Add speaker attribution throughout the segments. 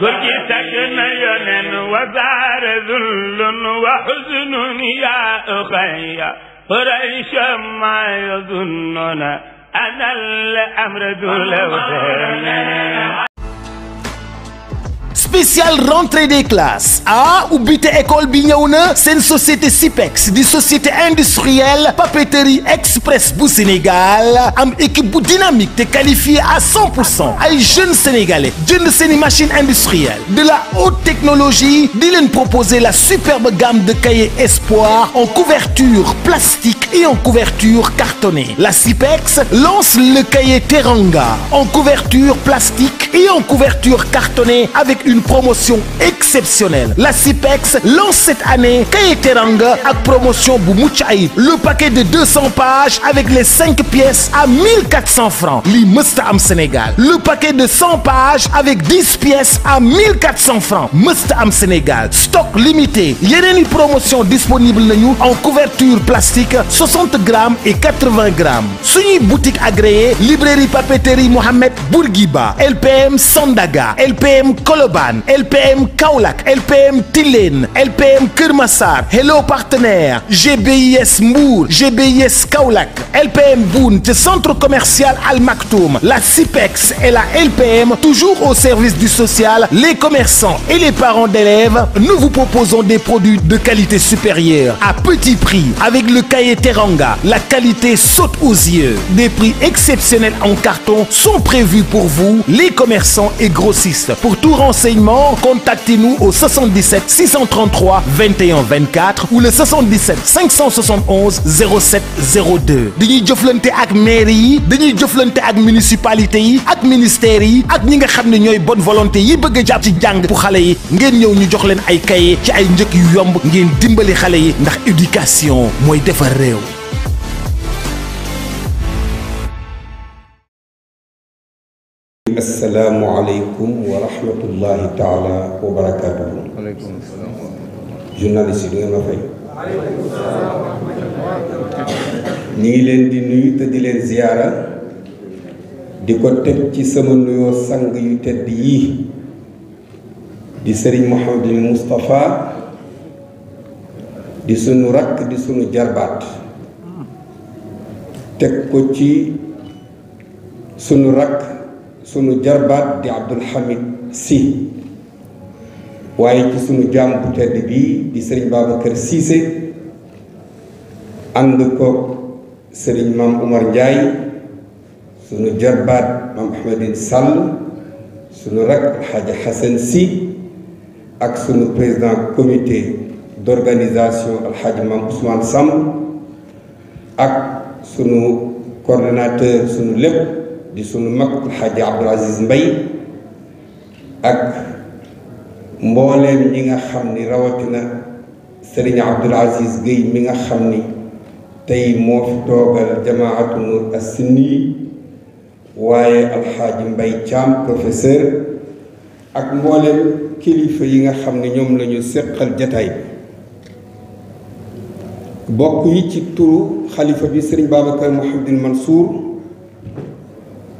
Speaker 1: بكيتك نيل وزار ذل وحزن يا أخي قريش ما يظننا أنا الأمر ذو الوثن spécial rentrée des classes ah ubbite école bi c'est une société Cipex, une société industrielle papeterie express Bou Sénégal am équipe dynamique te qualifiée à 100 à jeunes sénégalais d'une machine industrielle de la haute technologie di proposer la superbe gamme de cahiers Espoir en couverture plastique et en couverture cartonnée la Cipex lance le cahier Teranga en couverture plastique et en couverture cartonnée avec une promotion exceptionnelle la CIPEX lance cette année Kayeteranga avec promotion Boumouchaï. le paquet de 200 pages avec les 5 pièces à 1400 francs L'Imustam am Sénégal le paquet de 100 pages avec 10 pièces à 1400 francs mustam am Sénégal stock limité une promotion disponible en couverture plastique 60 grammes et 80 grammes suñuy boutique agréée librairie papeterie Mohamed Bourguiba LPM Sandaga LPM Koloba LPM Kaulak LPM Tilen LPM Kermassar Hello Partenaires GBIS Mour GBIS Kaulak LPM Bount. centre commercial Al Maktoum la CIPEX et la LPM toujours au service du social les commerçants et les parents d'élèves nous vous proposons des produits de qualité supérieure à petit prix avec le cahier Teranga la qualité saute aux yeux des prix exceptionnels en carton sont prévus pour vous les commerçants et grossistes pour tout renseigner contactez-nous au 77 633 21 24 ou le 77 571 07 02 dañuy avec ak mairie yi dañuy ak municipalité yi ak ministère ak ñi nga bonne volonté yi bëgg a ci jang pour xalé yi ngeen ñew ñu jox leen ay ci ay yu yomb ngeen dimbali yi ndax éducation moy
Speaker 2: السلام عليكم ورحمة الله تعالى وبركاته. عليكم السلام. جنال سيدنا ما في. نيلن دي نيوت دي لن زيارة دي كتب تي سمن نيو سنگ يوت دي دي سري محمد المصطفى دي سنو رك دي سنو جربات تك كتي سنو رك sunu jarbaat di Abdul Hamid si waye ci sunu Jam bu tedd bi di serigne babakar Cissé and ko serigne mam Umar ndjay sunu jarbaat mam ahmedin Sall sunu rak hadji Hasan si ak sunu president comité d'organisation hadji mam Ousmane sam ak sunu coordinateur sunu lepp di sunu mag Alxaaji Abdul Aziz Mbay ak mbooleem ñi nga xam ni rawatina Sëriñ Abdul Aziz Guèye mi nga xam ni tey moo fi toogal jamaatu Nour As-Sunni waaye Alxaaji Mbay Caam professeur ak mbooleem kilifa yi nga xam ni ñoom lañu séqal jataay bokk yi ci turu xalifa bi Sëriñ Babacar Mouhamadul Mansour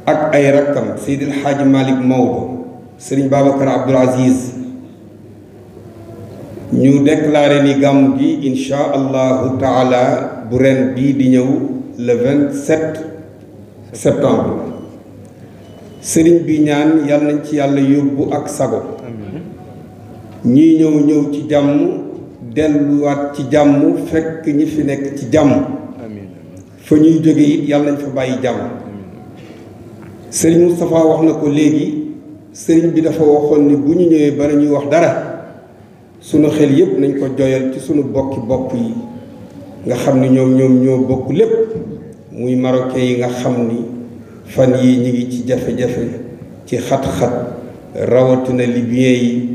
Speaker 2: ak ay rakkam Seydil Xaaji Malick Maodo Serigne Babacar Abdoul Aziz ñu déclaré ni gàmm gi insha allahu taala bu ren bii di ñëw le 27 septembre Serigne bi ñaan yal nañ ci yàlla yóbbu ak sago ñii ñëw ñëw ci jàmm delluwaat ci jàmm fekk ñi fi nekk ci jàmm fa ñuy jóge it yal nañ fa bàyyi jàmm sëriñ Moustapha wax na ko léegi sëriñ bi dafa waxoon ni bu ñu ñëwee ba ñuy wax dara sunu xel yépp nañ ko joyal ci suñu bokki bopp yi nga xam ni ñoom ñoom ñoo bokk lépp muy marocain yi nga xam ni fan yii ñu ngi ci jafe-jafe ci xat-xat rawatina libyen yi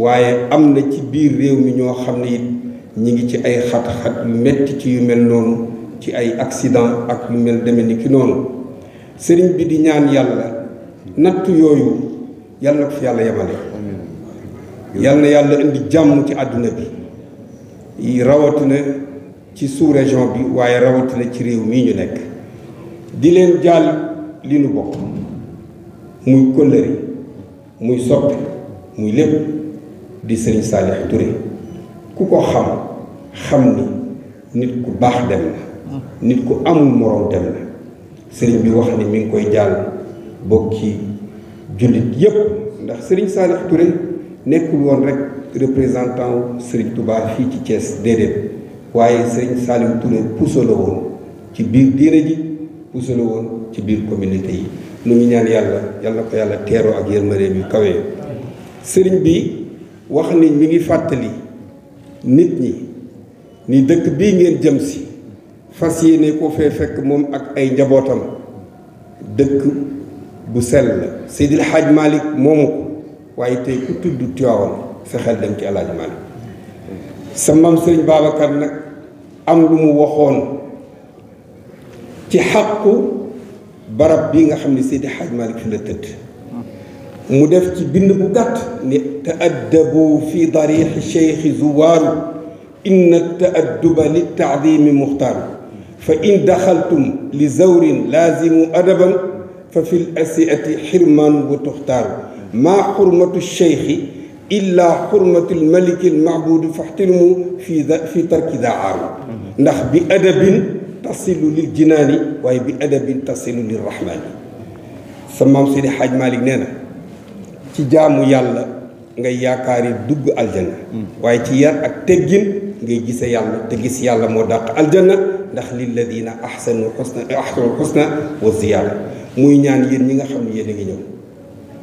Speaker 2: waaye am na ci biir réew mi ñoo xam ne ñu ngi ci ay xat-xat yu metti ci yu mel noonu ci ay accident ak yu mel deme ni ki noonu sëriñ bi di ñaan yàlla natt yooyu yàlla na ko fi yàlla yemale yàlla na yàlla indi jàmm ci àdduna bi rawatina ci sous région bi waaye rawatina ci réew mii ñu nekk di leen jaal li nu bokk muy kóllëre muy soppe muy lépp di sëriñ Saliou Touré ku ko xam xam ni nit ku baax dem na mm. nit ku amul moroom dem na sëriñ bi wax ni mu ngi koy jàll bokki jullit yépp ndax sëriñ Saalix turi nekkul woon rek représentant wu sëriñ Touba fii ci Thiès déedéet waaye sëriñ Saalix Touré puso woon ci biir diine ji puso la woon ci biir communauté yi lu ñu ñaan yàlla yàlla ko yàlla teeroo ak yërmandeem yu kawe sëriñ bi wax ni mi ngi fàttali nit ñi ni dëkk bii ngeen jëm si fasiyene ko fe fek mom ak ay njabotam dëkk bu sel la Seydil Hadj malik mom waye tay ku tuddu Tiwaawan fe xel dem ci El Hadj Malick sa mam serigne babakar nak am lu mu waxon ci xàqu barab bi nga xamni ne Seydil Hadj malik fi la tëdd mu def ci bind bu gàtt ni taaddabu fi dariixi shaykh zuwar ان التادب للتعظيم مختار fa in daxaltum li zawrin laazimu adaban fa fi l asiati xirmaan wa tuxtaaru maa xurmatu cheikhi illa xurmatu lmaliki almaabuudi faxtirimu fi fi tarki daaaru ndax bi adabin tasilu lil jinaani waaye bi adabin tasilu lil rahmaani sa maam Seydi Xaaj Maalik nee na ci jaamu yàlla ngay yaakaari dugg aljana hmm. waaye ci yar ak teggin ngay gise yàlla te gis yàlla moo dàq aljanna ndax lilladina ahsanu xusna ahsanul xusna wa ziyaada muy ñaan yéen ñi nga xam ne yéen a ngi ñëw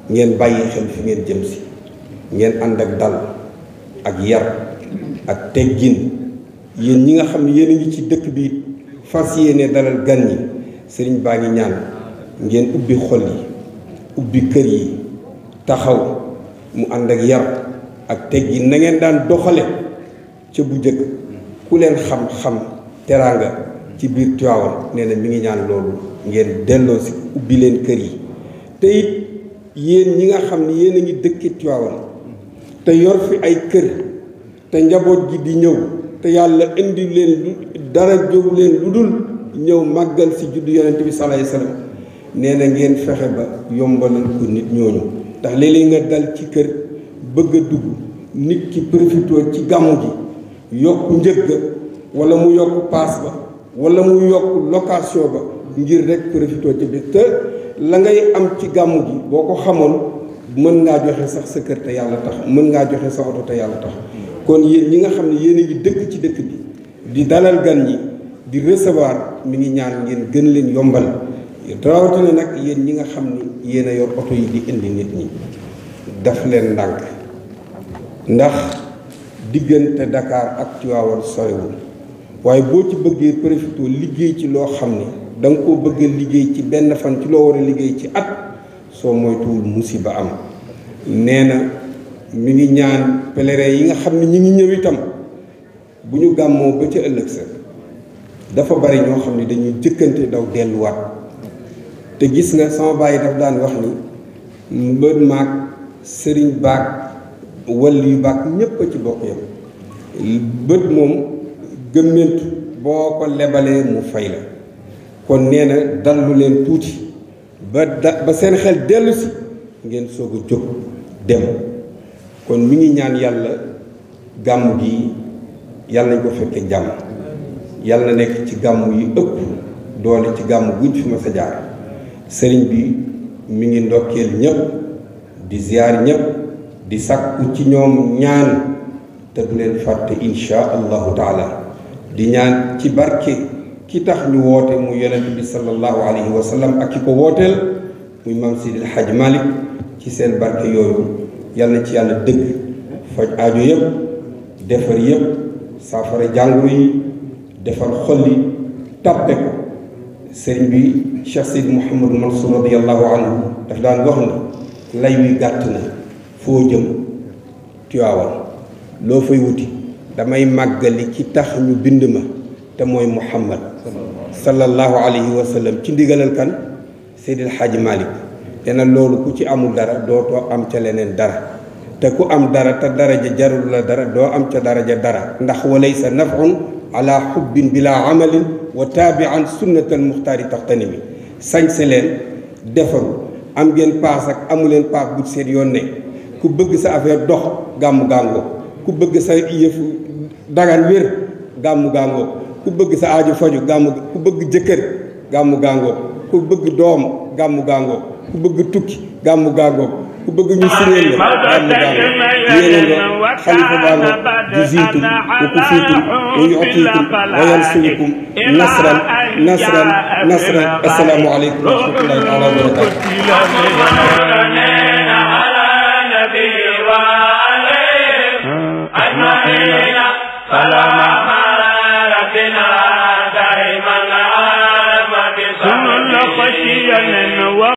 Speaker 2: ngeen bàyyi xel fi ngeen jëm si ngeen ànd ak dal ak yar ak teggin yéen ñi nga xam ne yéen a ngi ci dëkk bi fas yéene dalal gan ñi sëriñ baa ngi ñaan ngeen ubbi xol yi ubbi kër yi taxaw mu ànd ak yar ak teggin na ngeen daan doxale ci bu njëkk ku leen xam-xam teranga ci biir tuawal neena mi ngi ñaan loolu ngeen dello ci ubbi leen kër yi te it yéen ñi nga xam ni yéen a ngi dëkki tuawal te yor fi ay kër te njaboot gi di ñëw te yàlla indi leen dara jóg leen lu dul ñëw màggal si juddu yonent bi salaay salaam nee na ngeen fexe ba yombalal ko nit ñooñu ndax léeg-léeg nga dal ci kër bëgg dugg nit ki profito ci gamu gi yok njëg ga wala mu yok pass ba wala mu yok location ba ngir rek profito ci bi te la ngay am ci gamu gi boko xamul mën nga joxe sax sa kër te tax mën nga joxe sax auto tax kon yeen ñi nga xamni yeen dëkk ci dëkk bi di dalal gan ñi di recevoir mi ngi ñaan ngeen gën leen yombal na nak yeen ñi nga xamni yeen yor yi di indi nit ñi daf leen ndank ndax diggante Dakar ak Tivaouane sorewul waaye boo ci bëggee profité liggéey ci loo xam ne danga ko koo bëgg liggéey ci benn fan ci loo war a liggéey ci at soo moytuwul musiba am nee na mi ngi ñaan pèlerin yi nga xam ne ñi ngi ñëw bu ñu gàmmoo ba ca ëllëg sa dafa bari ñoo xam ne dañuy jëkkante daw delluwaat te gis nga sama bàyyi daf daan wax ni mbën maag sëriñ baag wall yu baax ñépp a ci bokk yam bët moom gëmmentu boo ko lebalee mu fay la kon nee na dallu leen tuuti ba da ba seen xel dellusi ngeen soog a jóg dem kon mi ngi ñaan yàlla gàmm gi yàlla nañ ko fekkee jàmm yàlla na nekk ci gàmm yi ëpp doole ci gàmm guñ fi ma sa sëriñ bi mi ngi ndokkeel ñëpp di ziar ñëpp di sàkku ci ñoom ñaan te du leen fàtte insha allahu taala di ñaan ci barke ki tax ñu woote mu yonent bi sallallahu alayhi wa sallam ak ki ko wooteel muy maam Sidil Hadj Malick ci seen barke yooyu yàlla na ci yàlla dëgg faj aajo yëpp defar yëpp saafara jàngoro yi defar xolli yi tàppe ko sëriñ bi Cheikh Sidi Mouhamadou Mansour radiallahu anhu daf daan wax na lay wi gàtt na فو جيم تيواول لو فاي ووتي داماي ماغالي كي تاخ ني بنداما تا موي محمد صلى الله عليه وسلم تي ديغالال كان سيد الحاج مالك انا لولو كو تي امول دارا دوتو ام تي لينين دارا تا كو ام دارا تا درجة جارول لا دارا دو ام تي درجة دارا نداخ وليس نفع على حب بلا عمل وتابعا سنة المختار تقتنمي سانسلين دفرو ام جين باسك امولين باك بوت سير يوني ku bëgg sa affaire dox gàmmu gàngoo ku bëgg sa yëfu dagan wér gàmmu gàngoo ku bëgg sa aaju faju gàmmu ku bëgg jëkkër gàmmu gàngoor ku bëgg doom gàmmu gàngoor ku bëgg tukki gàmmu gàngoo ku bëgg ñu siréel la gàmmu gàngoo yéene nga xalifa gàngoo juziitum wa kufiitum wa yuutiikum wa yansurukum nasran nasran nasran assalaamu aleykum wa rahmatullahi taala wa
Speaker 1: barakatu علينا سلام ربنا دائما رحمة صلى خشيا